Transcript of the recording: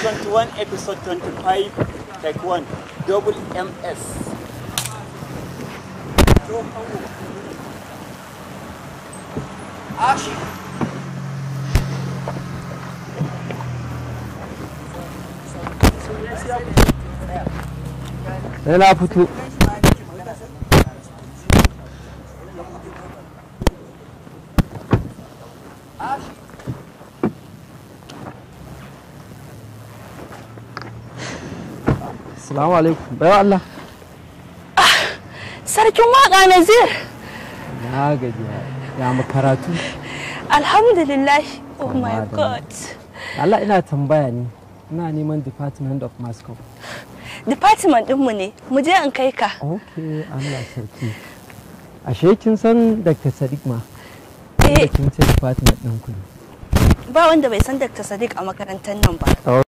21, episode 25, take 1, double MS. Ashi. Yana fito. Ashi. Assalamu alaikum. Bayan Allah. Ah, sarkin waka Nazir. Na gaji ya mu karatu. Alhamdulillah. Oh my God. Allah ina tambaya ne. Ina neman Department of Moscow. Department ɗinmu ne. Mu je in kai ka. Okay, Allah sarki. Ashe kin san Dr. Sadiq ma. Eh. Kin ce department ɗinku ne. Ba wanda bai san Dr. Sadiq a makarantar nan ba. Oh.